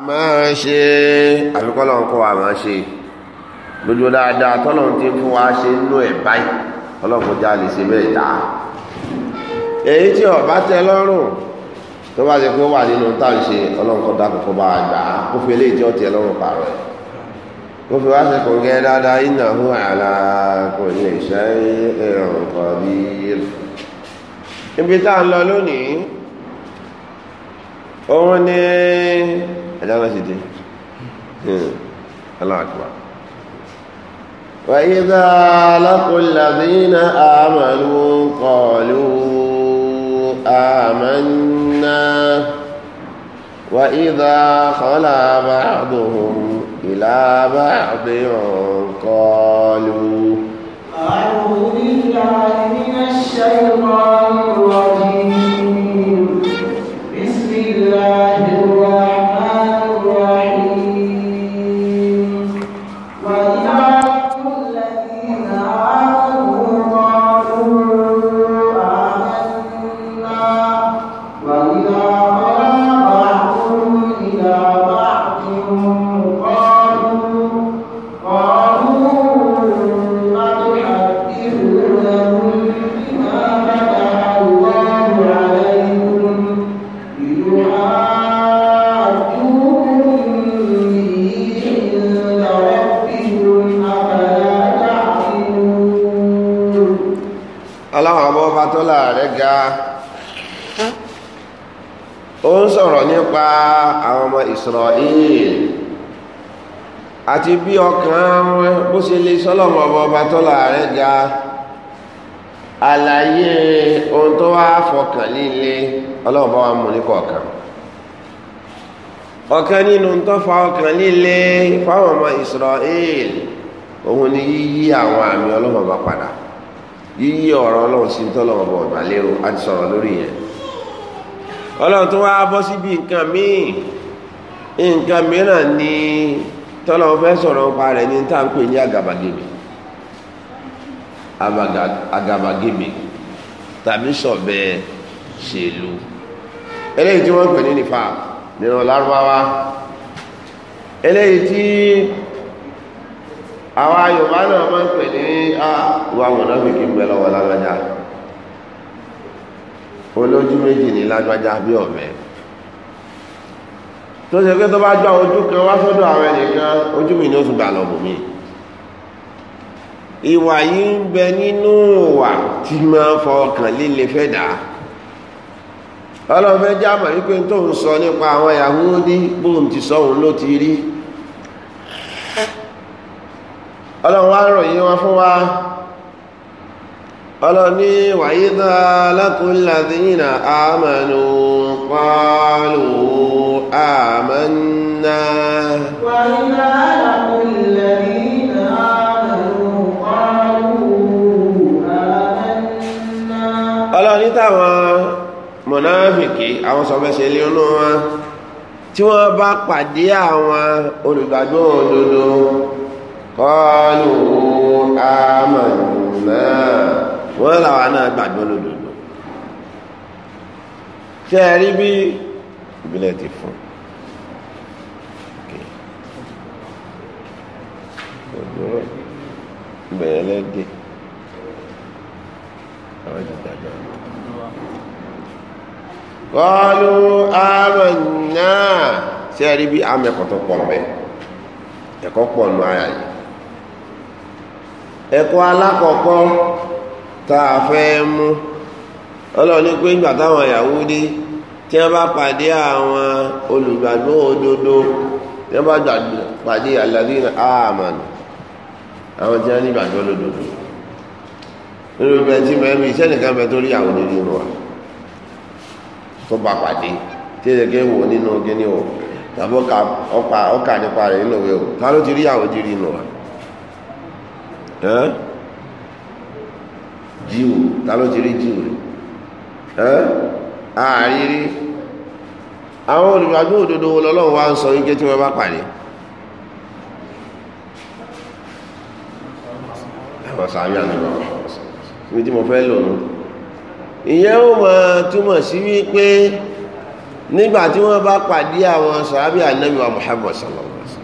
máa ṣe àfikọ́lọ̀ ń kọ́ wa máa ṣe gbogbo dáadáa tọ́lọ́run ti fún wa ṣe nínú ẹ̀ báyìí já lè ṣe bẹ́ẹ̀ dáa èyí tí ọba tẹ lọ́rùn tó bá ṣe kó wà nínú tá à ń ṣe bá gbà á kó fi eléyìí tí ó tiẹ̀ lọ́rùn pààrọ̀ ẹ̀ kó fi wá ṣe kò gẹ́ dáadáa iná ibi tá à ń lọ lónìí òun ẹjá má sì dé aláàkùbà wà ìdá alákùnlàdínà àmàlù kọlù àmànà wà ìdá kọlà bàdùn ìlà bàdùn kọlù أعوذ بالله من الشيطان الرجيم Israel àti bí ọkàn wọn bó ṣe lè sọ́lọ́mọ̀ ọba ọba tọ́lá rẹ̀ ga àlàyé ohun tó wá fọkàn líle ọlọ́ọ̀bá wa mú ní kọ̀ọ̀kan ọ̀kan nínú tó fa ọkàn líle fáwọn ọmọ Israel òun ni yíyí àwọn àmì ọlọ́mọba padà yíyí ọ̀rọ̀ ọlọ́run sí tọ́lọ́mọba ọ̀gbà lérò àti sọ̀rọ̀ lórí yẹn ọlọ́run tó wá bọ́ síbi nǹkan míì nǹkan mìíràn ni tọ́lọ́ fẹ́ sọ̀rọ̀ nípa rẹ̀ ní tá ní àgàbàgebè àgàbàgebè tàbí sọ̀bẹ̀ ṣèlú eléyìí tí wọ́n pè ní nìfà eléyìí tí àwa yorùbá náà máa ń pè ní àwọn àwọn ọ̀nà lọ́wọ́ lágbájá olójú méjì tó ṣe pé tó bá ojú kan wá sọ́dọ̀ àwọn ojú mi ni ó tún gbà lọ bòmí ìwà yìí ń bẹ nínú wà tí máa fọkàn líle fẹ́ dà ọlọ́run fẹ́ jáàmà wípé tó ń sọ nípa àwọn Yahudi bóun ti sọ òun ló ti rí ọlọ́run wá ròyìn wọn fún wa ọlọ́run ní wàyí dá lákùnlá dínà قالوا آمنا وإذا لقوا الذين آمنوا قالوا آمنا ọlọ́ni táwọn mọ̀náfìkì àwọn sọmẹ́sẹ̀ ilé inú wọn tí wọ́n bá pàdé àwọn olùgbàgbọ́ òdodo kọlù àmàlà wọ́n làwọn náà gbàgbọ́ òdodo ṣe ẹ rí bí ìbílẹ̀ ti fún bẹ̀rẹ̀ lẹ́dẹ̀ àwọn ìdàgbà kọlu amẹ̀nà ṣe rí bí amẹ́kọ̀ tó pọ̀ mẹ́ ẹ̀kọ́ pọ̀ nù ara yìí ẹ̀kọ́ alákọ̀ọ́kọ́ tá fẹ́ mú. ọlọ́run ní pé ńgbà táwọn tí wọ́n bá pàdé àwọn olùgbàgbọ́ òdodo tí wọ́n bá pàdé alladhina amanu àwọn tí wọ́n ní ìgbàgbọ́ òdodo nínú ìgbà tí mẹ́rin iṣẹ́ nìkan bẹ tó rí àwọn tó bá pàdé tí kí wò nínú tàbí ọkà nípa rẹ̀ nínú ìwé o ta ààrírí àwọn olùgbàgbọ́ òdodo lọ́lọ́run wá ń sọ wípé tí wọ́n bá pàdé àwọn mo ó máa túmọ̀ sí wípé nígbà tí wọ́n bá pàdé àwọn sàábì ànábì wa sallallahu alaihi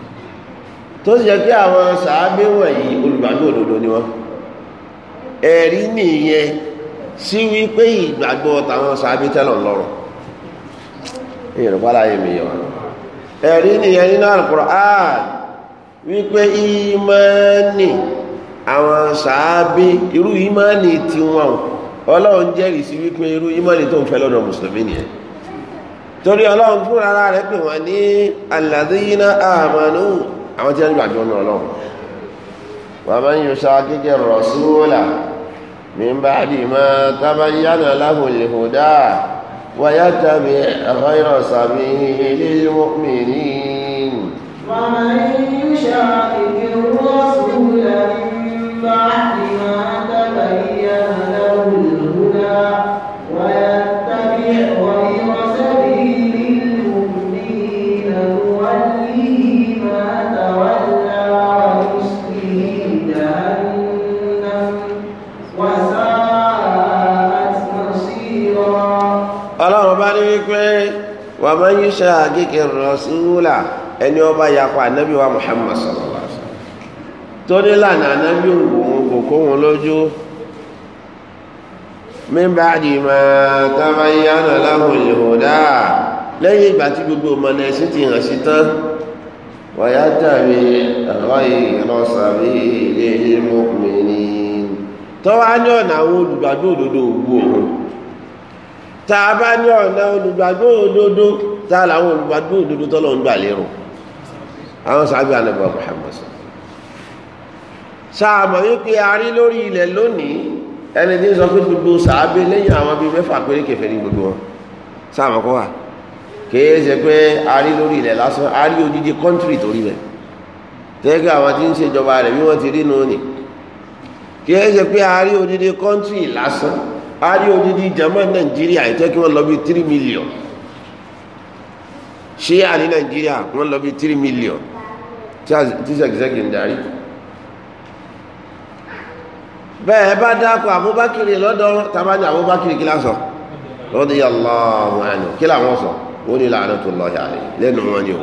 tó sì jẹ́ kí àwọn sàábì wọ̀nyí olùgbàgbọ́ òdodo ni wọ́n ẹ̀rí nìyẹn sí wípé ìgbàgbọ́ tàwọn sàábí lọ́rọ̀ ìrùpálá yìí mìíràn ẹ̀rí nìyẹn nínú Al-Qur'an wípé ìmánì àwọn sàábí irú iru tí ti ọlọ́run jẹ́rìí sí wípé irú ìmánì tó ń fẹ́ lọ́dọ̀ mùsùlùmí nìyẹn torí ọlọ́run fún ara rẹ̀ pè wọ́n ní alladhina amanu àwọn tí wọ́n gbàgbọ́ من بعد ما تبين له الهدى ويتبع غير سبيل المؤمنين ومن يشاقق الرسول من بعد ما تبين له الهدى wa máa ń yíṣẹ́ àgékè rọ̀ṣúlà ẹni bá yapa ànábì wa Muhammad sallallahu alaihi wasallam tó ní wọn lójú min ba'di ma tabayyana lahul huda lẹ́yìn ìgbà gbogbo ọmọdé sí ti hàn sí wa yattabi' mu'minin ọ̀nà òdodo tá a bá ní ọ̀nà olùgbàgbọ́ òdodo tá a làwọn olùgbàgbọ́ òdodo tọ́lọ̀ ń gbà lérò àwọn sábẹ́ ànábì Muhammad sáàmọ̀ wípé a rí lórí ilẹ̀ lónìí ẹni tí ń sọ pé gbogbo sàábé lẹ́yìn àwọn bíi mẹ́fà péré kẹfẹ́ ní gbogbo wọn sáàmọ̀ kọ́ wà kìí ṣe pé a rí lórí ilẹ̀ lásán a rí odidi kọ́ńtírì torí rẹ̀ tẹ́gẹ́ àwọn tí ń ṣèjọba rẹ̀ bí wọ́n ti rí nù ní kìí ṣe pé a rí odidi kọ́ńtírì lásán a rí odidi jama nàìjíríà ìtọ́ kí wọ́n lọ bí three million ṣíà ní nàìjíríà wọ́n lọ bí three million tí ṣẹ́gìṣẹ́gì ń darí bẹ́ẹ̀ bá dákọ̀ àbúbákiri lọ́dọ̀ tàbájú àbúbákiri kí lásọ lọ́dọ̀ Allahu anhu kí làwọn sọ ó ní la'natullahi alayhi lẹ́nu wọn ni o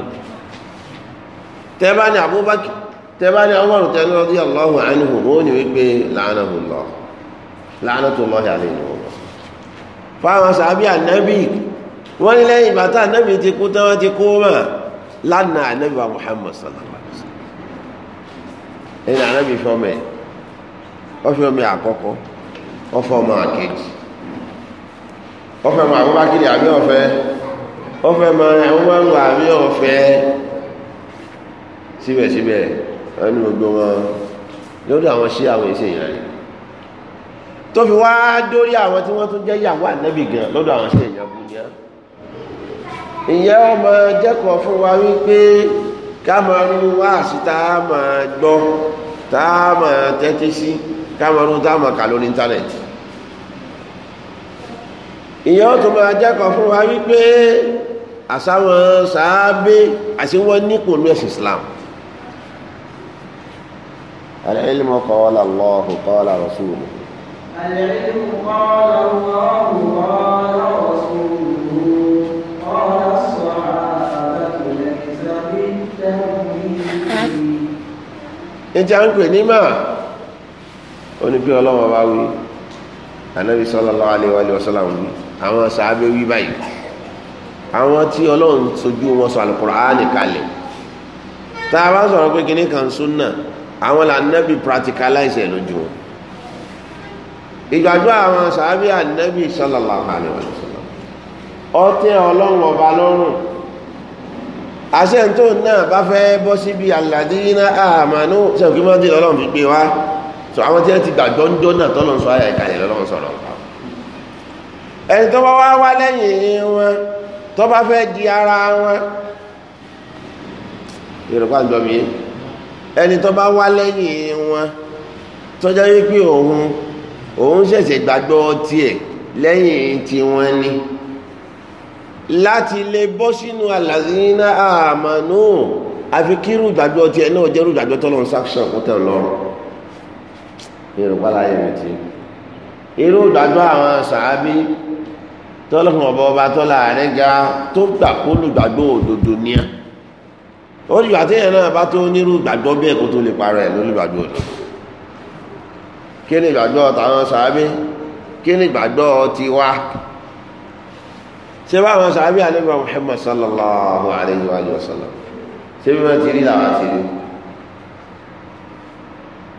tẹ́bá ní àbúbákiri tẹ́bá ní ọmọrùn tẹ́lọ́dọ̀ Allahu anhu ó ní wípé la'anahullah lánàtòlọ́hì àlejò ọ̀rọ̀ fáwọn sàbí ànábì wọ́n ní lẹ́yìn ìgbà ànábì ti kú tán wọ́n ti kú mà lánà ànábì wa Muhammad sallallahu alaihi wasallam ẹni ànábì fọmẹ ọfọmẹ àkọ́kọ́ ọfọmọ àkejì ọfọmọ àbúbákiri àbí ọfẹ ọfọmọ ẹwọmọ àbí ọfẹ síbẹ̀síbẹ̀ ẹni gbogbo wọn lọ́dọ̀ àwọn àwọn tó fi wá dórí àwọn tí wọ́n tún jẹ́ yàwó ànábì gan lọ́dọ̀ àwọn sí èèyàn bú ni á ìyẹn wọn máa jẹ́kọ̀ọ́ fún wa wípé ká máa rú wáàsí tá a máa gbọ́ tá a máa tẹ́tí sí ká tá a máa kà lórí íńtánẹ́ẹ̀tì ìyẹn wọn máa jẹ́kọ̀ọ́ fún wa wípé àsáwọn sàábé àti wọn nípò ní ẹ̀sìn Islam al-ilmu qala Allahu qala rasuluhu ìjà ń pè ní máa onígbé ọlọ́wọ́ bá wí anábì sallallahu alaihi wa sallam wí àwọn sàábé wí báyìí àwọn tí ọlọ́run sojú wọn sọ Al-Qur'ani kalẹ̀ tá a bá sọ̀rọ̀ pé kíní kan súnà àwọn là nábì practicalize ẹ̀ lójú wọn ìgbàgbọ́ àwọn sàábí ànábì sallallahu alaihi wasallam ọtẹ ọlọ́run ọba lọ́rùn àṣẹ́ntò náà bá fẹ́ bọ́ síbi alladina amanu sẹ́kì máa dé ọlọ́run fi pé wá sọ àwọn tí wọ́n ti gbàgbọ́ ń jọ náà tọ́lọ́run sọ ayà ìkàlẹ̀ lọ́lọ́run sọ̀rọ̀ ẹni tó bá wá wá lẹ́yìn wọn tó bá fẹ́ di ara wọn yorùbá ń dọ́ ẹni tó bá wá lẹ́yìn wọn tó jẹ́ wípé òun òun ṣẹ̀ṣẹ̀ gbàgbọ́ tiẹ̀ lẹ́yìn tí wọ́n ní láti lè bọ́ sínú àlàzínà àmànú àfi kírù ìgbàgbọ́ tiẹ̀ náà jẹ́rù ìgbàgbọ́ tọ́lọ́ ń sáksàn kó tẹ̀ lọ́rùn irú pàlàyé mi ti irú ìgbàgbọ́ àwọn sàábí tọ́lọ́fún ọba ọba tọ́lá rẹ̀ ga tó gbà kó lùgbàgbọ́ òdodo ní à ó dìgbà téèyàn náà bá tó nírú ìgbàgbọ́ bẹ́ẹ̀ kó tó lè parọ́ ẹ̀ lólùgbàgbọ́ òdodo kí ni ìgbàgbọ́ tàwọn sàábé kí ni ìgbàgbọ́ ti wá ṣe bá àwọn sàábé ànábì Muhammad sallallahu alayhi wa sallam ṣe bí wọ́n ti rí làwọn ti rí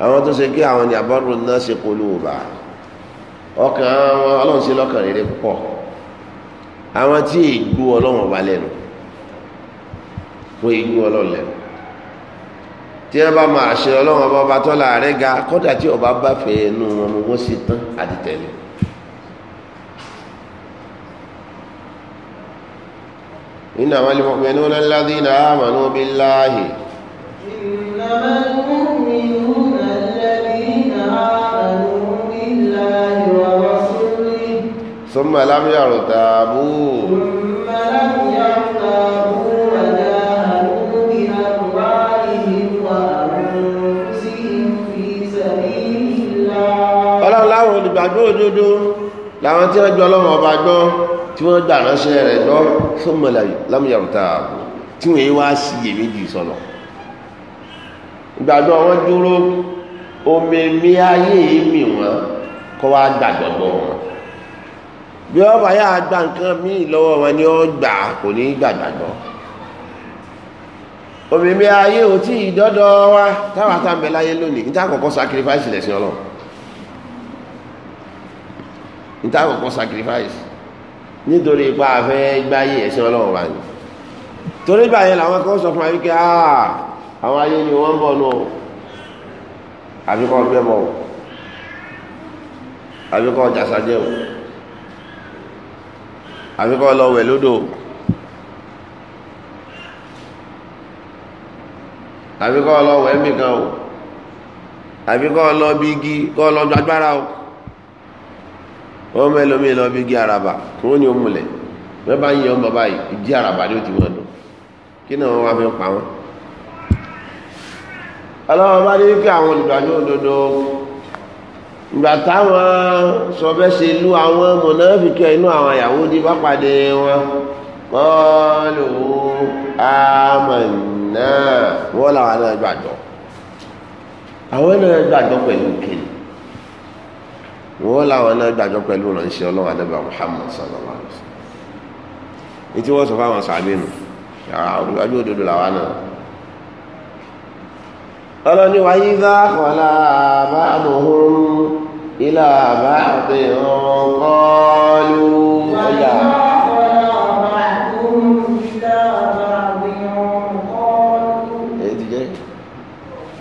àwọn tó ṣe kí àwọn ní àbọ̀rù náà ṣe quluba ọkàn àwọn ọlọ́run sí lọ́kàn rere pọ̀ àwọn tí ègbú ọlọ́run ọba lẹ́nu wọ́n ègbú ọlọ́run lẹ́nu tí wọn bá máa ṣe ọlọ́run ọba ọba tọ́lá rẹ̀ ga kódà tí ọba bá fẹ́ ẹnu wọn mo wọ́n sì tán àti tẹ̀lé. إنما المؤمنون الذين آمنوا بالله إنما المؤمنون الذين آمنوا بالله ورسوله ثم لم يرتابوا ثم لم يرتابوا olùgbàgbọ́ òdodo làwọn tí wọ́n gbọ́ ọlọ́run ọba gbọ́ tí wọ́n gbà ránṣẹ́ rẹ̀ lọ fún mọ̀lẹ́bí lámúyàwùtà ààbò tí wọ́n yé wá sí iyèméjì sọ̀nà ìgbàgbọ́ wọn dúró omi mi ayé yìí mì wọ́n kọ́ wá gbàgbọ́ wọn bí wọ́n bá yà gba nǹkan míì lọ́wọ́ wọn ni wọ́n gbà kò ní gbàgbàgbọ́ omi mi ayé ò tí ì wa táwa tá ń bẹ láyé lónìí ní sacrifice lẹ̀sìn ọlọ́run ìtàkùnkùn sacrifice nítorí ipa àfẹ́ gbáyé ẹ̀sìn ọlọ́run wa ni torí ìgbà yẹn làwọn kan sọ fún wa wípé ah, àwọn ayé ni wọ́n ń bọ̀ nù àbíkọ́ gbẹ́ bọ̀ àbíkọ́ jàsájẹ́ o àbíkọ́ lọ wẹ̀ lódò àbíkọ́ lọ wẹ̀ mìkan o àbíkọ́ lọ bí igi kọ́ lọ gbàgbára o. wọn mẹlòmíì lọ bí gí araba kí wọn ní omulẹ wọn bá ń yan bàbá yìí gí araba ni ó ti wọn dùn kí náà wọn wá fi ń pa wọn. ọlọ́wọ́n bá ní àwọn olùdájọ́ òdodo ìgbà táwọn sọ̀bẹ́ ṣe lu àwọn inú àwọn ní bá pàdé wọn kọ́ọ̀lù làwọn àwọn pẹ̀lú wọ́n láwọn náà gbàjọ́ pẹ̀lú ìrànṣẹ́ ọlọ́run adébà Muhammad sallallahu alaihi wasallam ní tí wọ́n sọ fáwọn sàbínú àjọ òdodo làwọn náà ọlọ́ni wa yí dá kọ̀lá bá àbòhún ilá bá àti ọkọ̀ọ́lù ọjà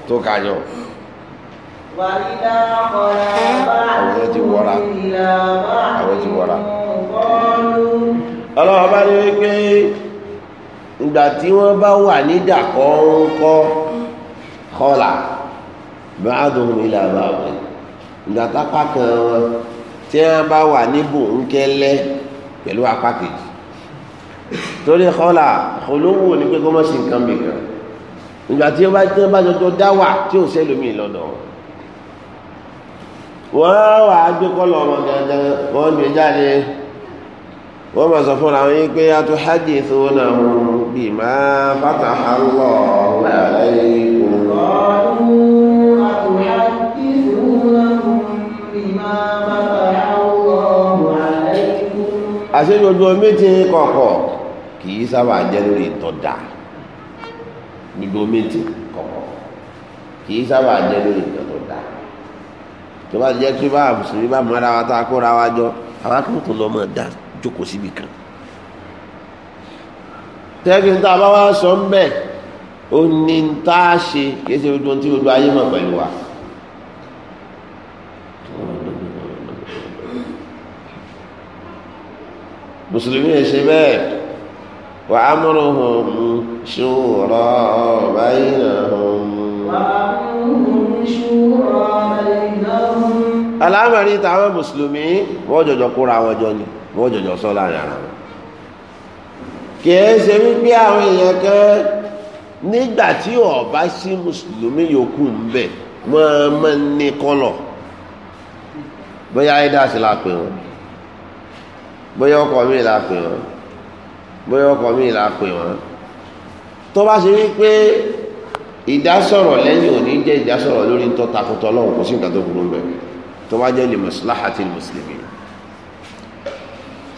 tó kájọ àwọn ti wọra àwọn ti wọra ọlọ́wọ́ bá ní wípé ìgbà tí wọ́n bá wà ní dàkọ́ ń kọ́ kọ́là bá a dùn mí làbà wẹ̀ ìgbà tápá kan wọn tí wọ́n bá wà ní bòńkẹ́lẹ́ pẹ̀lú apá kejì torí kọ́là olówó ni pé kó nǹkan mìíràn ìgbà tí wọ́n bá jọjọ dá tí ò sẹ́lómi lọ́dọ̀ wọn. wọ́n wà á gbé ọmọ wọ́n jáde wọ́n mọ̀ sọ fún àwọn yí pé a tún hajj tó náà mú bí máa fata àlọ́ aláìkùn. àṣẹ gbogbo méjì kọ̀ọ̀kọ̀ kì í sábà jẹ́ lórí gbogbo méjì kọ̀kọ̀ kì í sábà jẹ́ lórí tó bá jẹ́ pé bá àbùsùn bá mọ́ra wa tá a kóra wa jọ àwa kan tó lọ́ mọ̀ dá jókòó síbi kan. tẹ́kí ń tá a bá wá sọ ń bẹ̀ ó ní ń tá a ṣe kìí ṣe gbogbo tí gbogbo ayé mọ̀ pẹ̀lú wa. mùsùlùmí ẹ̀ ṣe bẹ́ẹ̀ wà á mọ̀rọ̀ hàn ṣòro ọ̀bá yìí nà hàn. alámàrí táwọn mùsùlùmí wọ́n jọjọ kóra wọn jọ ni wọ́n jọjọ sọ láàrin ara wọn kìí ṣe wípé àwọn èèyàn kan nígbà tí ọba sí mùsùlùmí yòókù ń bẹ mọ́ọ́mọ́ ní kọ́lọ̀ bóyá aidas la pè wọn bóyá ọkọ mi la pè wọn bóyá ọkọ mi la wọn tó bá ṣe wípé ìdásọ̀rọ̀ lẹ́yìn òní jẹ́ ìdásọ̀rọ̀ lórí ń tọ́ takuntọ́ lọ́wọ́ kò sí nǹkan tó burú bẹ́ẹ̀. tó bá jẹ́ lè maslahati muslimin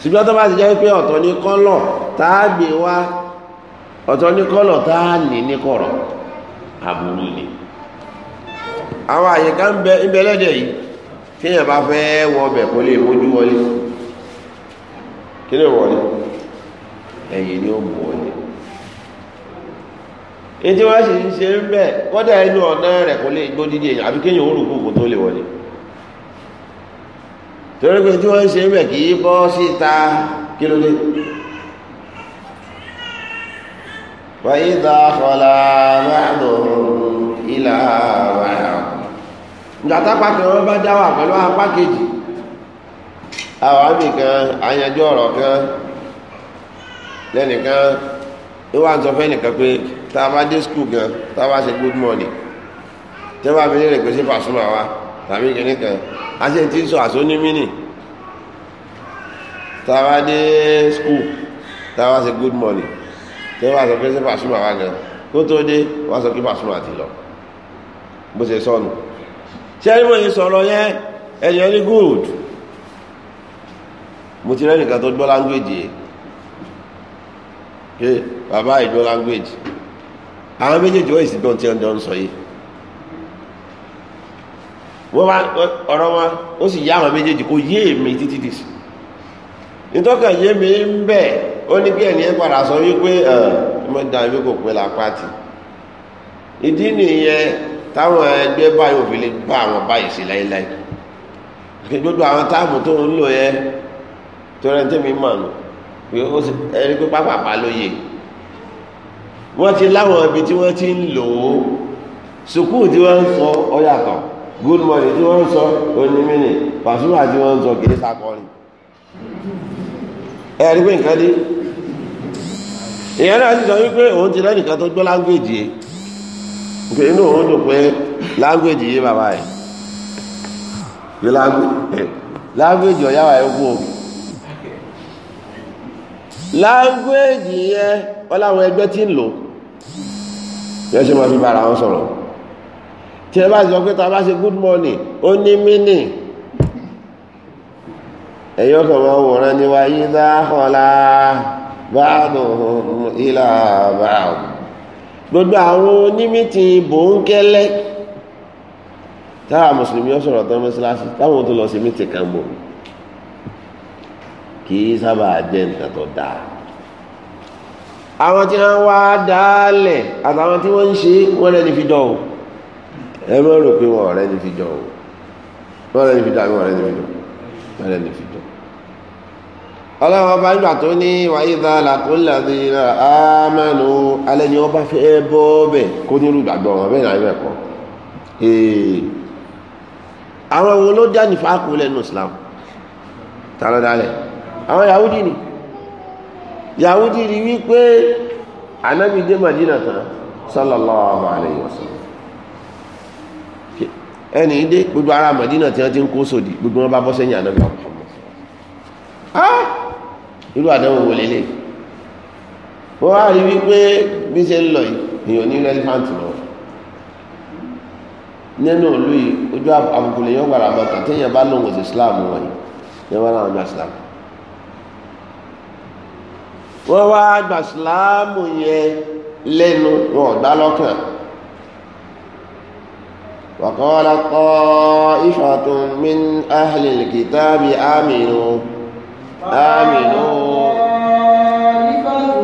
ṣùgbọ́n tó ti jẹ́ pé ọ̀tọ́ ní kọ́lọ̀ tá wá ní kọ́lọ̀ tá ní kọ̀rọ̀ àbúrú ni àwọn àyíká ń bẹ yìí kí èèyàn bá fẹ́ wọ ọbẹ̀ kó lè mójú wọlé kí lè wọlé ẹ̀yìn ni ó mú wọlé wọ́n ń ṣe torí pé tí wọ́n ṣe bẹ̀ kì í bọ́ síta kí ló dé fàyídà kọlá márùn-ún ìlà márùn-ún ìgbàtà pàkì wọn bá dá wà pẹ̀lú apá kejì àwọn àmì kan ayanjú ọ̀rọ̀ kan lẹ́nìkan ìwà ń sọ fẹ́ nìkan pé tá a bá dé skul gan tá a bá ṣe good morning tí wọ́n bá fi lérè pé sí Pasuma wa tàbí kìíní kan àti ètí sọ àsó ní mínì tàwa dé skul tàwa ṣe good morning tẹ́ wàá sọ pé ṣe Pasuma wá gan kó tó dé wàá sọ pé Pasuma ti lọ bó ṣe sọnù ṣé sọ̀rọ̀ yẹn ẹ̀yọ́ ní good mo ti rẹ́ nìkan tó gbọ́ language yìí pé bàbá ìgbọ́ language àwọn méjèèjì wọ́n ìsìnkú tí wọ́n jọ ń sọ yìí wọ́n wá ọ̀rọ̀ wọn ó sì yá àwọn méjèèjì kò yé èmi títí dìsì nítọ́kàn yé mi ń bẹ̀ ó ní bí ẹni ẹ padà sọ wípé ọmọ ìdá ìwé kò pé lápáàtì ìdí nìyẹn táwọn ẹgbẹ́ báyìí òfin lè bá àwọn báyìí sí láéláé gbogbo àwọn táàmù tó ń lò yẹn tó rẹ tẹ́mi mọ̀ nù pé ó sì ẹni pé pápápá ló yẹ wọ́n ti láwọn ibi tí wọ́n ti ń lò ó sùkúù tí wọ́n ń sọ ọ yàtọ̀. good morning tí wọ́n ń sọ onímìnì pàṣúwà tí wọ́n ń sọ kìí sakọrin ẹ̀rí pé nǹkan dé ìyẹn náà sì sọ wípé òun ti lẹ́nìkan tó gbọ́ láńgbèjì yìí pé inú òun dùn pé láńgbèjì yìí bàbá ẹ̀ pé láńgbèjì ọ̀yá wa ẹ̀ kú o láńgbèjì yẹn wọ́n ẹgbẹ́ ń lò tí ẹ bá sọ pé ta bá ṣe good morning ó ní mínì ẹ̀yọ́ kan máa wòran ní wa yí dáhọ́lá báàdù ilà báàdù gbogbo àwọn onímìtì bòńkẹ́lẹ́ táwa mùsùlùmí ó sọ̀rọ̀ tán mọ́sálásí táwọn tó lọ sí mìtì kan bò kì í sábà jẹ́ nǹkan tó dáa àwọn tí wọ́n wá dálẹ̀ àtàwọn tí wọ́n ń ṣe wọ́n lẹ́ni fi dọ̀ ọ́ ẹ má rò pé wọn ọ̀rẹ́ ní fi jọ o wọn ọ̀rẹ́ ní fi jọ àwọn ọ̀rẹ́ ní fi jọ ọ̀rẹ́ ní fi jọ. ọlọ́run ọba nígbà tó ní wáyé dáàlà kó làdí iná ámánú alẹ́ ni wọ́n bá fẹ́ bọ́ bẹ̀ kó nírú ìgbàgbọ́ wọn bẹ́ẹ̀ náà ẹ̀kọ́ àwọn wo ló dá nífàákù lẹ́nu Islam ta ló dálẹ̀ àwọn Yahudi ni Yahudi ni wípé Ànábì Madina tán sallallahu alayhi wa sallam ẹni dé gbogbo ara Mẹdínà tí wọn ti ń kó gbogbo wọn bá bọ́ sẹ́yìn ànábì Muhammad ah irú àdánwò wọlé lè wọn á rí wípé bí ṣe ń lọ èèyàn ní rẹlifáǹtì lọ nínú òlu yìí ojú àbùkù lèyàn gbàrà téèyàn bá lòun wọn yìí gba wá gba وقال طائفة من أهل الكتاب آمنوا آمنوا طائفة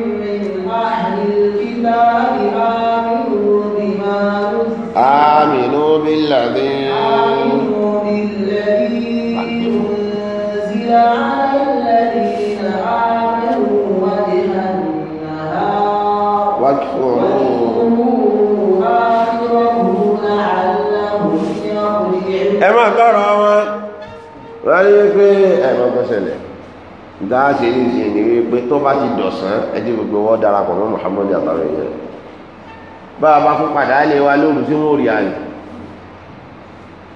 من أهل الكتاب آمنوا بما آمنوا بالذي آمنوا بالذي أنزل ẹ máa gbọ́rọ̀ wọn wọ́n rí wípé ẹ̀mọ́ tó ṣẹlẹ̀ dáàṣe ní ìṣe wípé tó bá ti dọ̀sán ẹdí gbogbo wọn darapọ̀ mọ́ Muhammadu a bá fún padà wa lóru tí rí tí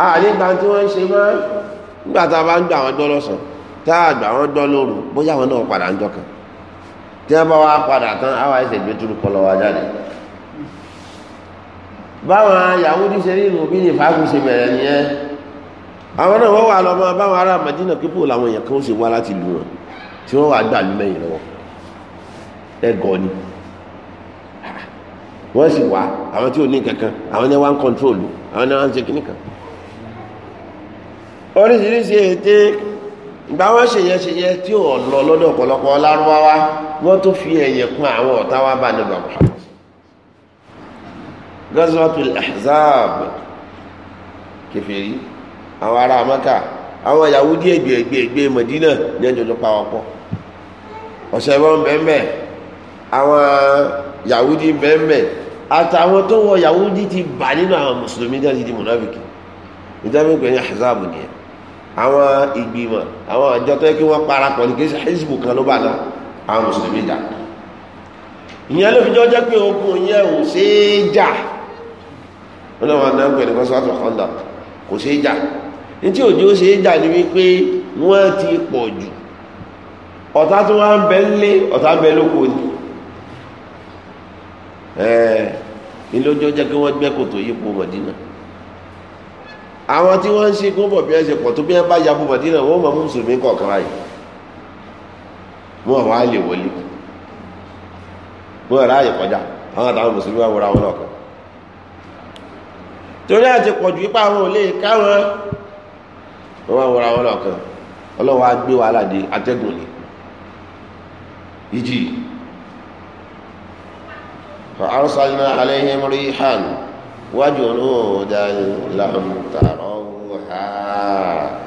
ń ṣe mọ́ nígbà tá a bá ń gbà wọn dọ́lọ́sàn tá a gbà wọn bóyá wọn náà padà ń jọkàn tí bá wá padà tán àwa ẹsẹ̀ gbé túrú kọ́ rí ìlú bí àwọn náà wọ́n wà lọ máa báwọn ará Madina pípò làwọn èèyàn kan ó sì wá láti lù wọn tí wọ́n wà gbà lù mẹ́yìn lọ́wọ́ ẹgọ ni wọ́n sì wá àwọn tí ò ní kankan àwọn ní wọ́n control àwọn ní wọ́n ṣe kíní kan oríṣiríṣi ète ìgbà wọn ṣèyẹ ṣèyẹ tí ò lọ lọ́dọ̀ ọ̀pọ̀lọpọ̀ lárúbáwá wọ́n tó fi ẹ̀yẹ kún àwọn ọ̀tá wa bá nígbà Muhammad Ghazwatul Ahzab kèfèrí àwọn ará Mẹ́kà àwọn Yahudi ẹgbẹ́ ẹgbẹ́ ẹgbẹ́ Mẹdínà ní ẹjọ́jọ́ pawọ́pọ̀ ọ̀sẹ̀ wọn bẹ́ẹ̀ àwọn Yahudi bẹ́ẹ̀ àtàwọn tó wọ Yahudi ti bà nínú àwọn mùsùlùmí náà ti di mùnàfíkì ìjọba ìpè ní àzáàbù nìyẹn àwọn ìgbìmọ̀ àwọn àjọ tó yẹ kí wọ́n parapọ̀ ní kí hizbu kan ló bá náà àwọn mùsùlùmí dà ìyẹn ló fi jọ jẹ́ pé ogun yẹn ò ṣeé jà wọn náà wọn náà ń pè kò ṣeé jà ní tí òjò ṣe é jà ní wípé wọ́n ti pọ̀ jù ọ̀tá tó wá ń bẹ ńlé ọ̀tá ń bẹ lóko ni ìlójọ́ jẹ́ kí wọ́n gbẹ́ kòtò yípo mọ̀dínà àwọn tí wọ́n ń ṣe kó bọ̀ bí ẹ ṣe pọ̀ tó bí ẹ bá yabo mọ̀dínà wọ́n mọ̀ mú mùsùlùmí kọ̀ọ̀kan báyìí wọ́n wá lè wọlé wọ́n rà àyè kọjá àwọn àtàwọn mùsùlùmí wọ́n wọra wọn lọ́kàn torí àti pọ̀jù ipá àwọn ò lè káwọn wọ́n máa ń wọra wọn lọ́kàn ọlọ́wọ́ á gbé wàhálà dé atẹ́gùn ni ìjì arsalna alayhim rihan wa junudan lam tarawha.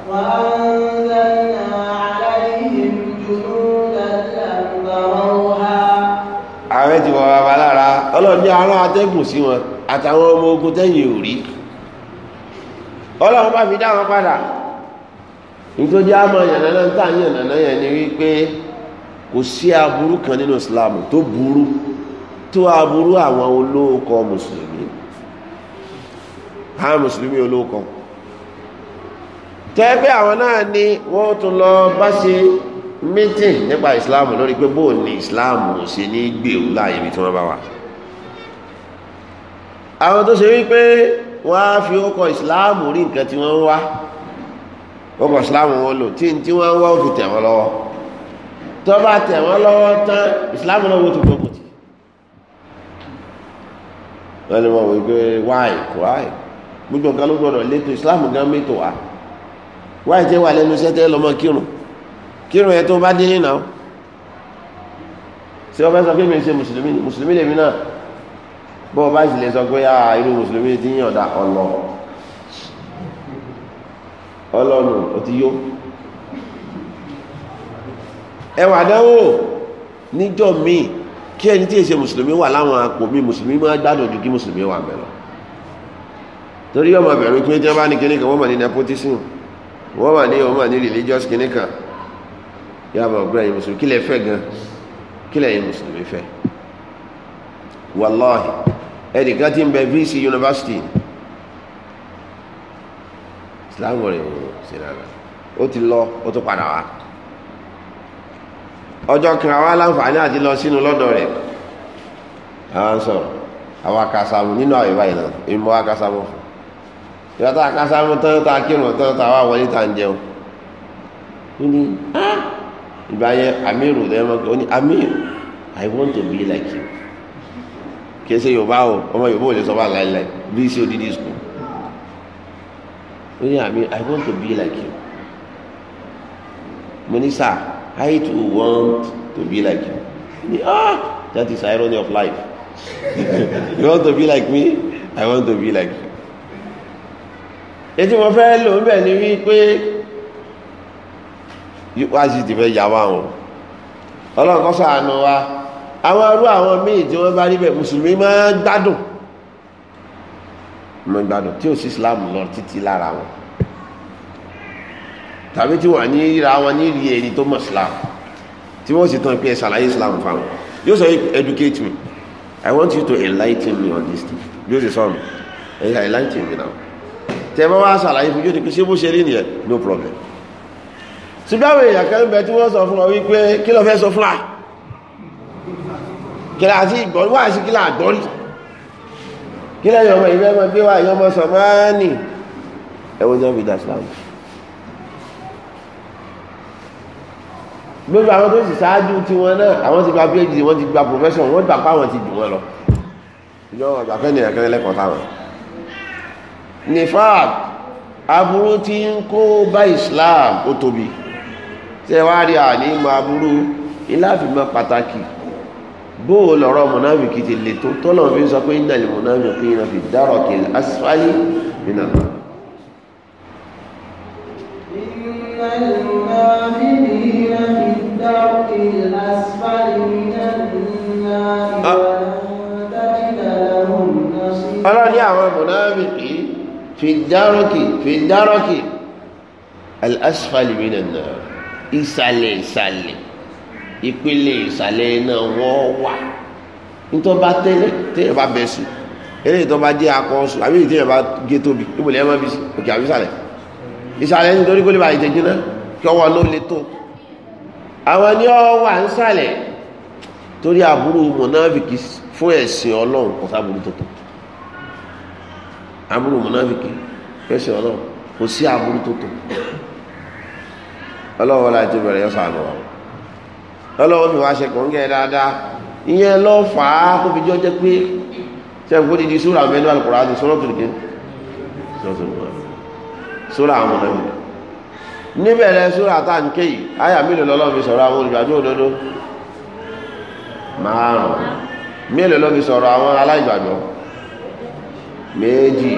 wa anzalna alayhim junudan lam tarawha. àwọn ti wọ bàbá lára ọlọ́ọ̀ni arán atẹ́gùn sí wọn àtàwọn ọmọ ogun tẹ́yìn ò rí ọlọ́run bá fi dá wọn padà. nítorí àmọ́ yànnàná tá yànnàná yẹn ni wípé kò sí aburú kan nínú Islam tó burú tó aburú àwọn olóòkọ mùsùlùmí àwọn mùsùlùmí olóòkọ àwọn náà ni wọ́n tún lọ bá ṣe mítìn nípa Islam lórí pé bóò ni Islam ò ṣe ní gbèrú láàyè ibi tí wọ́n bá wà àwọn tó ṣe wípé wọ́n á fi ó Islam rí nǹkan tí wọ́n ń wá wọ́n kọ̀ ìsìláàmù wọn lò tí tí wọ́n wá òfin tẹ̀ wọ́n lọ́wọ́ tó bá tẹ̀ wọ́n lọ́wọ́ tán ìsìláàmù náà wò tó gbogbo tì wọ́n ní wọ́n wò pé wáì wáì gbogbo nǹkan ló gbọdọ̀ létò ìsìláàmù gan mẹ́tò wa wáì tẹ́ wà lẹ́nu iṣẹ́ tẹ́ lọ́mọ kírun kírun yẹn tó bá dé nínà ó ṣé wọ́n fẹ́ sọ pé mi ṣe mùsùlùmí mùsùlùmí lèmi náà bọ́ọ̀ bá ìsìlẹ̀ sọ pé ah, irú mùsùlùmí ti yàn ọ̀dà ọ̀lọ́ọ̀ ọlọ́nu ó ti yó ẹwà dánwò níjọ́ míì kí ẹni tí èsè mùsùlùmí wà láwọn àpò mi mùsùlùmí máa gbádùn ju kí mùsùlùmí wà mẹ́lọ torí ọmọ bẹ̀rù pé tí wọ́n bá ní kíní kan wọ́n mà ní nepotism wọ́n mà ní wọ́n mà ní religious kíní kan yá bọ̀ ọ̀gbẹ́ ẹ̀yin mùsùlùmí kí lẹ fẹ́ gan kí lẹ ẹ̀yin mùsùlùmí fẹ́ wàláhì ẹnìkan tí ń bẹ VC University islam rẹ̀ ò sí rárá ó ti lọ ó tún padà wá ọjọ́ kan àwa láǹfààní àti lọ sínú lọ́dọ̀ rẹ̀ àwa ń sọ̀rọ̀ àwa nínú àwẹ̀ báyìí náà èmi mọ́ wa fún ìgbà tá a tán tá a tán tá wà wọlé tá ń jẹun ó ní ìgbà i want to be like you kí ẹ ṣe yorùbá o ọmọ yorùbá ò lè sọ láìláì ó ní àmì i want to be like you mo i too want to be like you ó ah that is irony of life you want to be like me i want to be like you ètí mo fẹ́ lò ń bẹ̀ ni wípé wá sí ti fẹ́ yà wá wọn ọlọ́run kọ́ sàánú wa àwọn arú àwọn míì tí wọ́n bá rí bẹ̀ mùsùlùmí máa ń gbádùn ọmọ ìgbàdùn tí ò sí islam lọ títí lára wọn tàbí tí wọ́n ní ra wọn ní rí ẹni tó mọ̀ islam tí wọ́n sì tán pé ẹ ṣàlàyé islam fáwọn yóò sọ educate me i want you to enlighten me on this thing yóò sì sọ mi ẹ̀yà enlighten me now tẹ bá wá ṣàlàyé fún yóò ní pé ṣé bó ṣe rí nìyẹn no problem ṣùgbọ́n àwọn èèyàn kan bẹ tí wọ́n sọ fún ọ wípé kí ló fẹ́ sọ fún wa kí ló àti ìgbọ́n wá sí kí ló àgbọ́n kí lẹ́yìn ọmọ ìfẹ́ mọ́ gbé wá ìyọ́n mọ́ sọmáàní ẹ̀wọ́n jẹ́ ìdá ìsìlámù gbogbo àwọn tó sì ṣáájú tiwọn náà àwọn ti gba phd wọ́n ti gba profession wọ́n gbà páwọn ti jù wọ́n lọ ìjọ wọn gbà fẹ́ni ẹ̀kẹ́rẹ́ lẹ́kọ̀ọ́ táwọn nifad aburú ti ń kó bá Islam ó tóbi tẹ́wárí àní mọ aburú ìláfìmọ́ pàtàkì bó o lọ́rọ̀ mọ̀nàfíkì ti lè tó tọ́lọ̀ fi ń sọ pé ìdàlẹ̀ mọ̀nàfíkì náà fi dárọ̀ kí asfali nínà náà. ọlọ́ni àwọn mọ̀nàfíkì fi dárọ̀kì fi dárọ̀kì al asfali nínà náà ìsàlẹ̀ ìsàlẹ̀ ìpele ìsàlẹ̀ iná wọ́ọ́wà nítorí bá tẹ́lẹ̀ téèyàn bá bẹ̀ sí eléyìí tó bá jẹ́ akọ́sùn àbí téèyàn bá gé tóbi ìbòlẹ̀ ẹ̀ má bí sí òkè àbí ìsàlẹ̀ ìsàlẹ̀ nítorí kó lè bá ìtẹ̀jú náà kí ọwọ́ ló le tó àwọn ni ọ wà ń sàlẹ̀ torí àbúrò mọ̀nàfìkì fún ẹ̀sìn ọlọ́run kò sábúrú tó tó àbúrò mọ̀nàfìkì fún ẹ̀sìn ọlọ́run kò sí àbúrú tó tó ọlọ́run láti bẹ̀rẹ̀ yọ sàánú wa lọ́lọ́wọ́ mi wá ṣe kọ̀ǹgẹ́ dáadáa ìyẹn lọ fà á kó fi jọ jẹ́ pé sẹ́yìn kó dídí súra mẹ́lú alukura àti sọ́rọ́ tó dìde súra àwọn ọ̀nà mi níbẹ̀rẹ̀ súra tá à ń ké yìí àyà mélòó lọ́lọ́ mi sọ̀rọ̀ àwọn olùgbàjọ́ òdodo márùn mélòó ló sọ̀rọ̀ àwọn aláìgbàgbọ́ méjì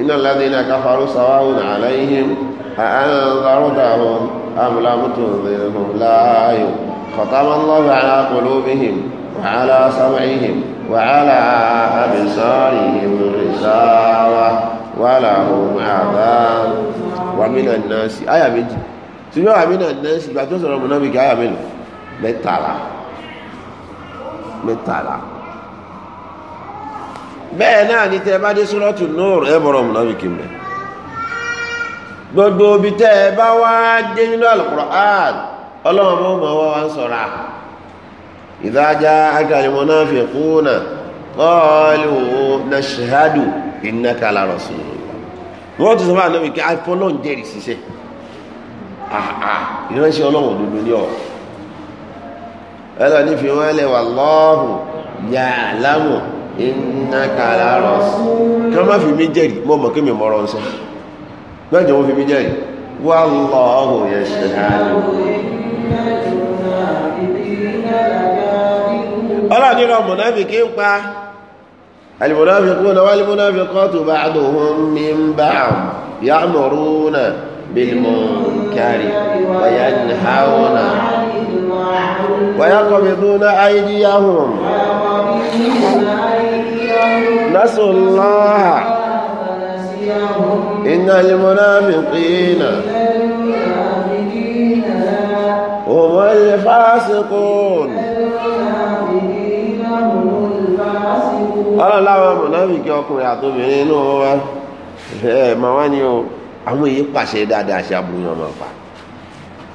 iná ládé iná káfàró sàwáhùn àlẹ́ yìí àánú àrùn tàwọn àmúlámútó ìrìnnà láàyò ختم الله على قلوبهم وعلى سمعهم وعلى أبصارهم غشاوة ولهم عذاب ومن الناس آية méjì ṣùgbọ́n àmì náà nẹ́ẹ̀sì ìgbà tó sọ̀rọ̀ mọ̀nàmìkì àyà mélòó mẹ́tàlá mẹ́tàlá bẹ́ẹ̀ náà ní tẹ́ bá dé sọ́lọ́tù nóòr ẹ bọ̀rọ̀ mọ̀nàmìkì mẹ́ gbogbo ibi tẹ́ ẹ bá wá dé nínú Al-Qur'an ọlọ́run bó mọ̀ wá wá ń sọ̀rọ̀ ìdájá akàlìmọ̀ náà fi kúnà kọ́ọ̀lù na ṣahadu innaka la rasul wọ́n ti sọ fún ànábì kí afọlọ́n jẹ́rìí ṣiṣẹ́ ìránṣẹ́ ọlọ́run òdodo ní ọ̀ ẹlọ́ni fi wọ́n lẹ̀ wallahu ya'lamu innaka la rasul kí wọ́n má fi mí jẹ́rìí mọ́ mọ̀ kí mi mọ̀rọ̀ ń sọ mẹ́jọ wọ́n fi mí jẹ́rìí wallahu yashhadu ọlọ́ni lọ mọ̀náfíkí ń pa alìmọ̀náfíkún wálìmọ̀náfíkọ́ tó bá àdùnhún mi ń bá yà mọ̀rún بالمنكر وينهون ويقبضون أيديهم نسوا الله إن المنافقين والفاسقون ọlọ́run láwọn mọ̀nàmìkì ọkùnrin àtòbìnrin inú wa ẹ ma wá ní o àwọn èyí pàṣẹ dáadáa ṣe àbúrò ọmọ pa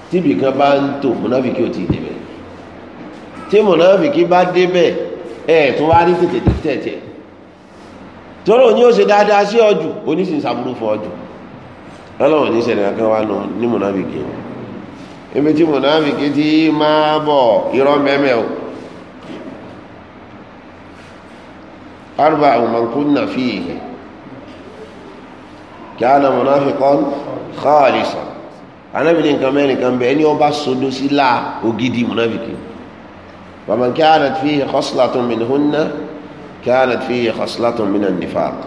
tíbi kan bá ń tò mọ̀nàmìkì ò ti débẹ̀ tí mọ̀nàmìkì bá débẹ̀ ẹ tún wá rí tètè ó ṣe dáadáa sí ọjù fún ọjù ibi tí mùnáfìkì ti máa bọ̀ irọ́ mẹ́mẹ́ o arba àwòmọ̀kúnnà fi ìhẹ̀ kí á na mùnáfìkọ́n kọ́ọ̀lìsàn anábìnrin nǹkan mẹ́rin kan bẹ̀ ẹni ọba sodo sí láà ògidì mùnáfìkì ومن كانت فيه خصلة منهن كانت فيه خصلة من النفاق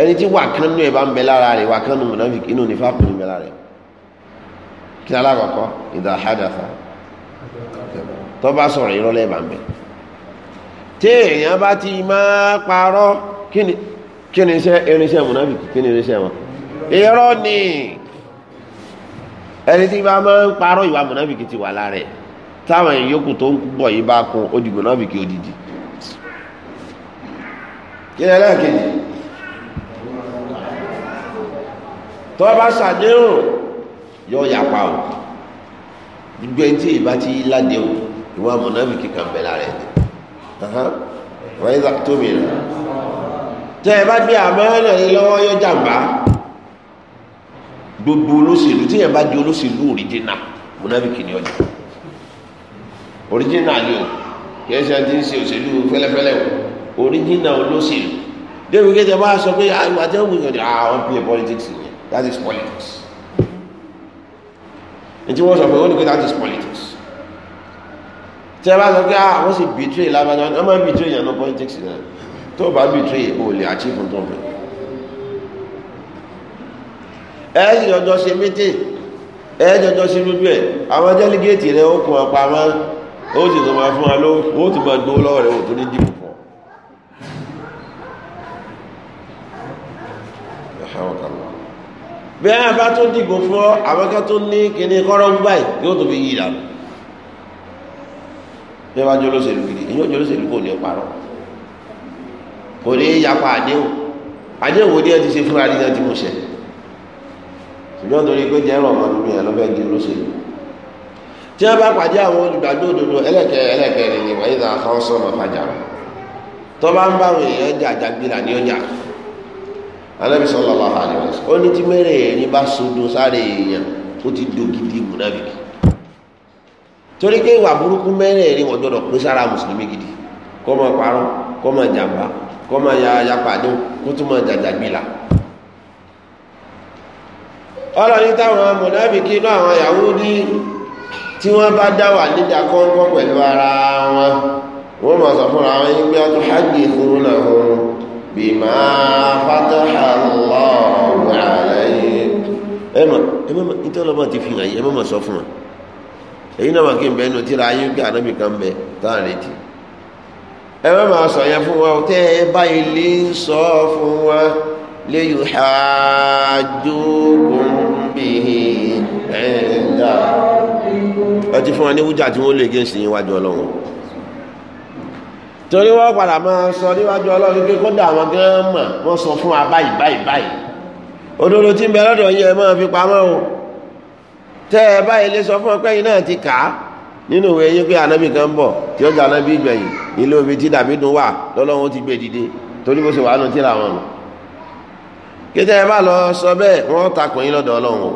ẹni tí wà kánú ẹ̀ bá ń bẹ lára rẹ̀ wà kánú mọ̀nàfíkì inú nífàkù ní bẹ lára rẹ̀ kí alákọ̀ọ́kọ́ ìdá àdáfà tó bá sọ̀rọ̀ ìrọ́lẹ̀ bá ń bẹ̀ tí èèyàn bá ti máa parọ́ kí ni iṣẹ́ irinṣẹ́ mùnáfíkì kí ni irinṣẹ́ wọn irọ́ ni ẹni tí bá máa ń parọ́ ìwà mùnáfíkì ti wà lára ẹ̀ táwọn ìyókù tó ń bọ̀ yìí bá kun ó di mùnáfíkì odidi kí ni ẹlẹ́ẹ̀kejì tó bá ṣàdéhùn yóò yapa o gbogbo ẹni tí ìbá ti ládé o ìwà mọ̀nàmìkì kan bẹ̀ lára ẹ̀ wọ́n yíra tó mi rẹ̀ tẹ́ ẹ bá gbé àmọ́nà yìí lọ́wọ́ yóò jàǹbá gbogbo olóṣèlú tí ẹ bá di olóṣèlú òrìjínà mọ̀nàmìkì ni ọjà òrìjínà ni o kì í ṣe ti ń ṣe òṣèlú fẹ́lẹ́fẹ́lẹ́ o òrìjínà olóṣèlú débi kí ẹ bá sọ pé ah, àti àwọn èèyàn ni àwọn ah, play politics yẹn that is politics ní tí wọ́n sọ pé ó ní pé politics tí a bá sọ pé ah wọ́n sì betray lábájá wọ́n máa betray yẹn ní politics náà tó bá betray o lè achieve tó ń bẹ̀. ẹ ẹ́ sì jọjọ ṣe meeting ẹ ẹ́ jọjọ ṣe lójú ẹ̀ àwọn delegate rẹ̀ ó kún ọ̀pá máa ó sì tó máa fún wa lówó ó ti máa gbowó lọ́wọ́ rẹ̀ wò tó ní dìbò fún ọ bẹ́ẹ̀ bá tó dìbò fún ọ àwọn kan tó ní kíní kọ́rọ́ ń báyìí yóò tó fi yí ìlànà bẹ́ẹ̀ bá jọ olóṣèlú gidi èyí ò jọ olóṣèlú kò ní parọ́ kò ní yapa àdéhùn àdéhùn wo ni ẹ ti ṣe fúnra ní náà tí mo ṣe ṣùgbọ́n torí pé jẹ́ rọ̀ ọmọdún yẹn lọ́fẹ́ di olóṣèlú tí wọ́n bá pàdé àwọn olùgbàdo òdodo ẹlẹ́kẹ̀ ẹlẹ́kẹ̀ rẹ̀ ni wọ́n yìí náà kọ́ sọ̀rọ̀ fàjà tó bá ń bá àwọn èèyàn jà àjàgbìlà ní ọjà ala sallallahu alaihi wasallam ó ní tí mẹrẹ ẹni bá sodo sáré èèyàn ó ti dògidì mùnàbìkì torí pé ìwà burúkú mẹrẹ ẹni wọn gbọ́dọ̀ pín sára mùsùlùmí gidi kó máa parọ́ kó máa jàmbá kó máa ya yapàdé kó tún máa jàjà gbìlà ọlọ́ni táwọn mùnàbìkì náà àwọn Yahudi tí wọ́n bá dá wà pẹ̀lú ara wọn wọ́n máa sọ fúnra bima fataha Allahu alayhi ẹ mọ̀ ẹ mọ̀ ìtọ́lọ́mọ̀ ti fi hàn yìí ẹ mọ̀ mọ̀ sọ fún wa èyí náà wà kí n bẹ inú tíra ayé gbé ànábì kan bẹ táà retí ẹ má máa sọ yẹn fún wa ó tẹ ẹ báyìí lè ń sọ fún wa lè yù ha jókòó bí ẹ ń dà ọ ti fún wa ní wújà tí wọn lè gé sí iwájú Ọlọ́run torí wọ́n padà máa sọ níwájú ọlọ́run pé kódà àwọn gan mọ̀ wọ́n sọ fún wa báyìí báyìí báyìí òdodo tí ń bẹ lọ́dọ̀ yín ẹ máa fi pamọ́ o tẹ́ ẹ báyìí lè sọ fún ọ pé yín náà ti kà á nínú ìwé yín pé ànábì kan bọ̀ tí ó jẹ́ ànábì gbẹ̀yìn ilé omi tí dàbí dùn wà lọ́lọ́run ti gbé dìde torí bó ṣe wà nù tí làwọn nù kété ẹ bá lọ sọ bẹ́ẹ̀ wọ́n takùn yín lọ́dọ̀ ọlọ́run o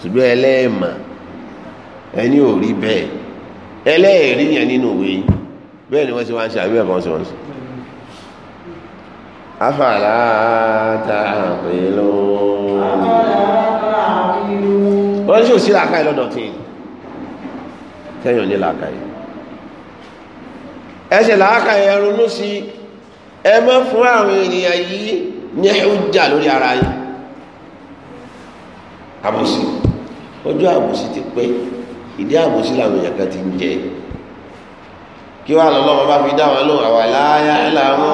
ṣùgbọ́n ẹlẹ́ẹ̀mà ẹni ò rí bẹ́ẹ̀ ẹlẹ́ẹ̀rí yẹn nínú ìwé yín bẹ́ẹ̀ ni wọ́n ṣe wá ṣe àbí ẹ̀kọ́ ṣe wọ́n ṣe. afàlà tààpẹ̀lú. wọ́n ṣe òsì làákàyè lọ́dọ̀ tí kẹ́yìn ní làákàyè. ẹsẹ̀ làákàyè ronú sí ẹ mọ́ fún àwọn ènìyàn yìí ní ìjà lórí ara yìí. àbòsí ojú àbòsí ti pẹ́ ìdí àbòsí làwọn èèyàn kan ti ń jẹ kí wàá lọ lọ́wọ́ bá fi dá lóhùn àwa láyà láàmú.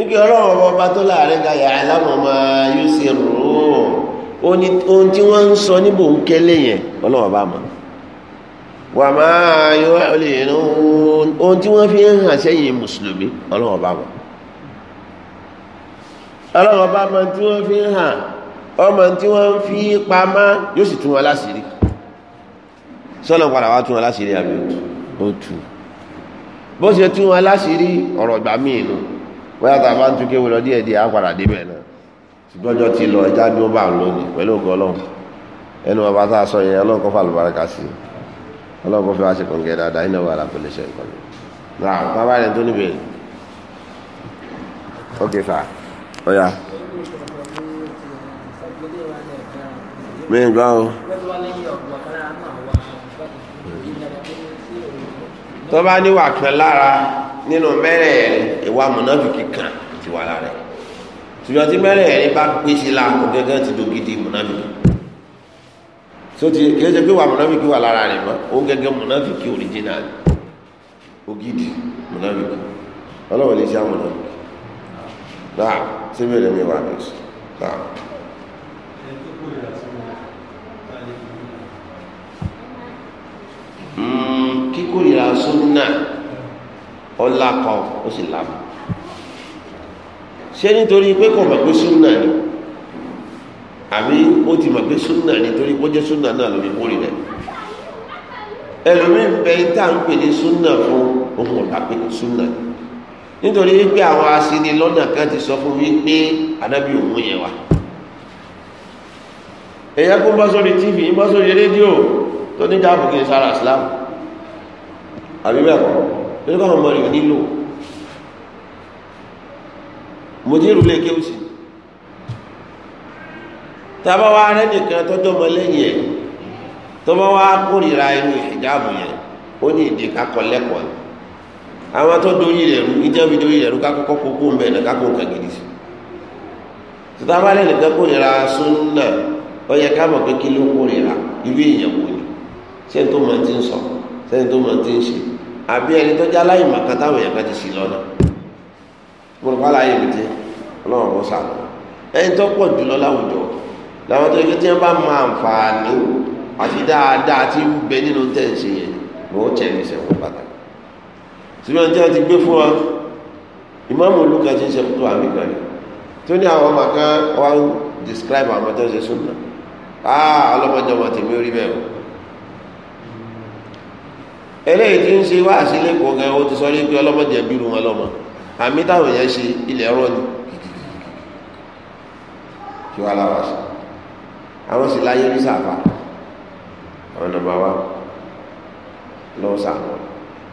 ọlọ́run ọba tó láàrin ga yàrá láwọn ọmọ yóò ṣe rò ó ohun tí wọ́n ń sọ níbò ń yẹn ọlọ́run ọba mọ̀. wà máa yọ ọlẹ́ inú ohun tí wọ́n fi ń hàn sẹ́yìn mùsùlùmí ọlọ́run ọba mọ̀ ọlọ́run ọba mọ̀ tí wọ́n fi ń hàn ọmọ tí wọ́n fi pamá yóò sì tún wọn láṣìírí sọ́nà padà wá tún wọn láṣìírí àbí ó bó ṣe tún wọn láṣìírí ọ̀rọ̀ ìgbà míì nù wọ́n yàtọ̀ àbá ń tún kéwòn lọ díẹ̀ díẹ̀ á padà débẹ̀ náà ṣùgbọ́n ọjọ́ ti lọ ẹja bí ó bá lónìí pẹ̀lú ògùn ọlọ́run ẹnu ọba tá a sọ yẹn ọlọ́run kọ́ fà lùbáraka sí i ọlọ́run kò fi wá sí kòǹgẹ́ dáadáa iná wà lápẹ́ lẹ́sẹ̀ nǹkan ni náà bàbá rẹ̀ tó níbi ok fa ọ̀yà. mi ń gbọ́ o. tó bá níwà kan lára nínú mẹ́rẹ̀ ìwà mọ̀nàfíkì kan ti wà lára ẹ̀ ṣùgbọ́n tí mẹ́rẹ̀ ẹ̀rin bá gbé sí la kò gẹ́gẹ́ ti dògidì mọ̀nàfíkì tó ti kí ẹ ṣe pé wà mùnáfíkì wà lára rẹ̀ mọ́ ó gẹ́gẹ́ mùnáfíkì original ògidì mùnáfíkì ọlọ́wọ́ lè ṣe àwọn mùnáfíkì náà síbẹ̀ rẹ̀ mi wà ní ìṣù náà. Hmm, kíkórìíra súnà ọlá kan ó sì lábọ̀ ṣé nítorí pé kò mọ̀ pé súnà ni àbí ó ti mọ̀ pé súnà nítorí kó jẹ́ súnà náà lómi kórè rẹ̀ ẹlòmíín bẹ tá à ń pè ní súnà fún ohun ọ̀gá pé súnà nítorí wípé àwọn aṣinilọ́nà kan ti sọ fún wípé ànábì òun yẹn wà èyàn kó bá sórí tv bá sórí rédíò tó ní jáàbù kí n sára islam àbí bẹ́ẹ̀ kọ́ nítorí káwọn ọmọ rẹ̀ nílò mo jẹ́ ìrùlé kéwù tábà wá rẹ́nìkan tọ́jọ́ mọ lẹ́yìn ẹ̀ wá kórìíra irú ìjáàbù yẹn ó ní ìdí kakọ lẹ́kọ̀ọ́ àwọn tó dorí rẹ̀ rú ìjẹ́bi dorí rẹ̀ kókó ń nǹkan gidi sí kórìíra ibi èèyàn tó máa ti ń sọ tó máa ti ń ṣe àbí ẹni ti sì lọ́nà mo láwọn tó yẹ kí wọn bá mọ àǹfààní àti dáadáa tí ń bẹ nínú tẹ̀sí yẹn wọ́n tẹ̀ mí sẹ́wọ́n bàtà síbẹ̀ tí wọ́n ti gbé fún wa ìmáàmù olùkà ti ń tó àmì kan tó ní àwọn ọmọ kan wá o eléyìí tí ti sọ ọlọ́mọdé ẹbí àmì táwọn yẹn ṣe ilẹ̀ àwọn sì láyé ní sàfà àwọn nàbà wa lọ sàfà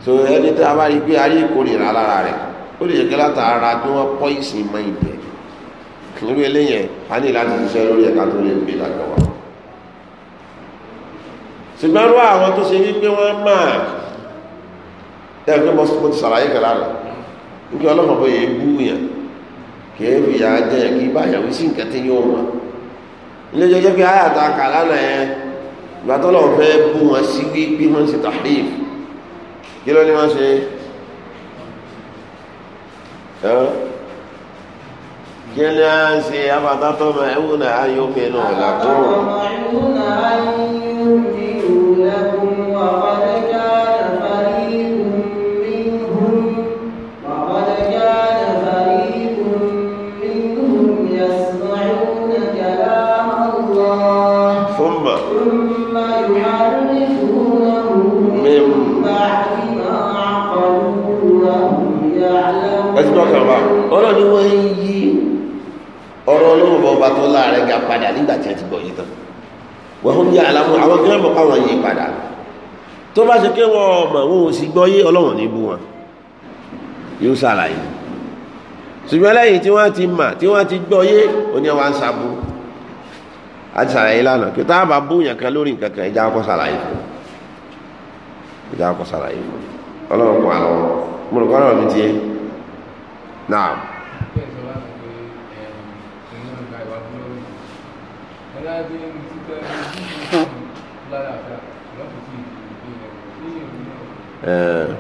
so ẹni tí a bá rí pé ayé ìkórìíra lára rẹ̀ ó lè jẹ́ látara tí wọ́n pọ́ ìsìn mọ́ ìbẹ̀ lórí eléyẹn a ní láti ṣiṣẹ́ lórí ẹ̀ka tó lè gbé lájọ wa ṣùgbọ́n wá àwọn tó ṣe wípé wọ́n máa tẹ́gbẹ́ mọ́sí mo ti ṣàlàyé kẹlá rẹ̀ nígbà ọlọ́mọ bóyá ebú yẹn kì í fìyà jẹ́ kí báyà wí sí nǹkan tí yóò wọ́n ilé jẹjẹ pé àyàtà kàlánà ẹ gbàtọ́lọ̀ fẹ́ bú wọn sí bí wọ́n ṣe tahrif kí ló ní wọ́n ṣe kí ló ń ṣe abàtàtọ́ mọ̀ ẹ̀wùn náà ayọ́kẹ́ náà làkúrò. yà àlàmù àwọn kí wọ́n mọ̀ káwọn yí padà tó bá ṣe pé wọ́n mọ̀ wọn ò sì gbọ́ yé ọlọ́wọ̀n ní bú wọn yóò ṣàlàyé ṣùgbọ́n lẹ́yìn tí wọ́n ti mà tí wọ́n ti gbọ́ yé oní wa ń sábú àti ṣàlàyé lánàá kí táàbà bú yàn kan lórí nǹkan kan ìjà ọkọ̀ ṣàlàyé fún ìjà ọkọ̀ ṣàlàyé fún ọlọ́wọ̀n kan àlọ́ mo rò kọ́ ọ̀rọ̀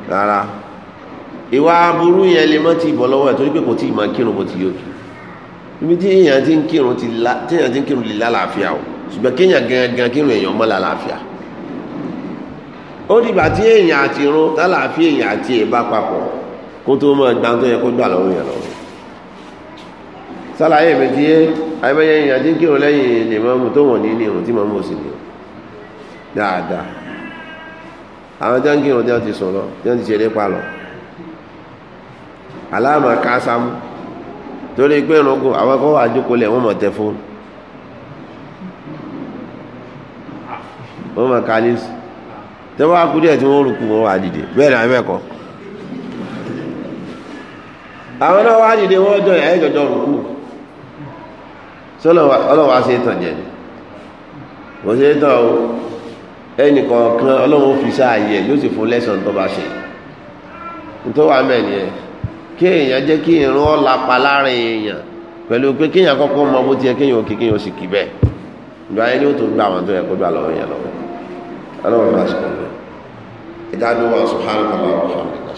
rárá ìwà aburú yẹn lè mọ́ ti ìbọ̀ lọ́wọ́ ẹ̀ torí pé kò tí ì ti ibi tí èèyàn ti ń kírun ti la tí èèyàn lè lálàáfíà o ṣùgbọ́n kéèyàn gangan kírun èèyàn mọ́ lálàáfíà ó dìgbà tí èèyàn àti irun lálàáfíà èèyàn àti ẹ̀ papọ̀ kó tó mọ tó yẹ kó gbà lọ́wọ́ yẹn lọ́wọ́ sálàyé mi ti yé ayébáyé èèyàn ti ń kírun lẹ́yìn lè mọ́ mu tó ní tí mọ́ àwọn tó ń kírun ti sùn lọ ti aláàmà kásámù torí pé irungun àwọn kan wà wọ́n mọ̀ tẹ fóònù wọ́n mọ̀ kálísì tí wọ́n á tí wọ́n rùkú wọn wà dìde bẹ́ẹ̀ náà mẹ́kọ̀ àwọn náà wà dìde wọ́n jọ rùkú sọlọ o. ẹnìkan kan ọlọ́run fi sáàyè yóò sì fún lẹ́sàn tó bá ṣe nítorí wàá mẹ́rin yẹn kí èèyàn jẹ́ kí irun ọ̀la pa láàrin èèyàn pẹ̀lú pé kéèyàn kọ́kọ́ mọ bó ti yẹ kéèyàn òkè kéèyàn òsì kì bẹ́ẹ̀ ìgbà yẹn ni ó tó gba àwọn tó yẹ kó gbà lọ́wọ́ yẹn lọ́wọ́ ọlọ́run bá sọ̀rọ̀ ìdádúró wa sùhánù kọ́lá ọ̀hánù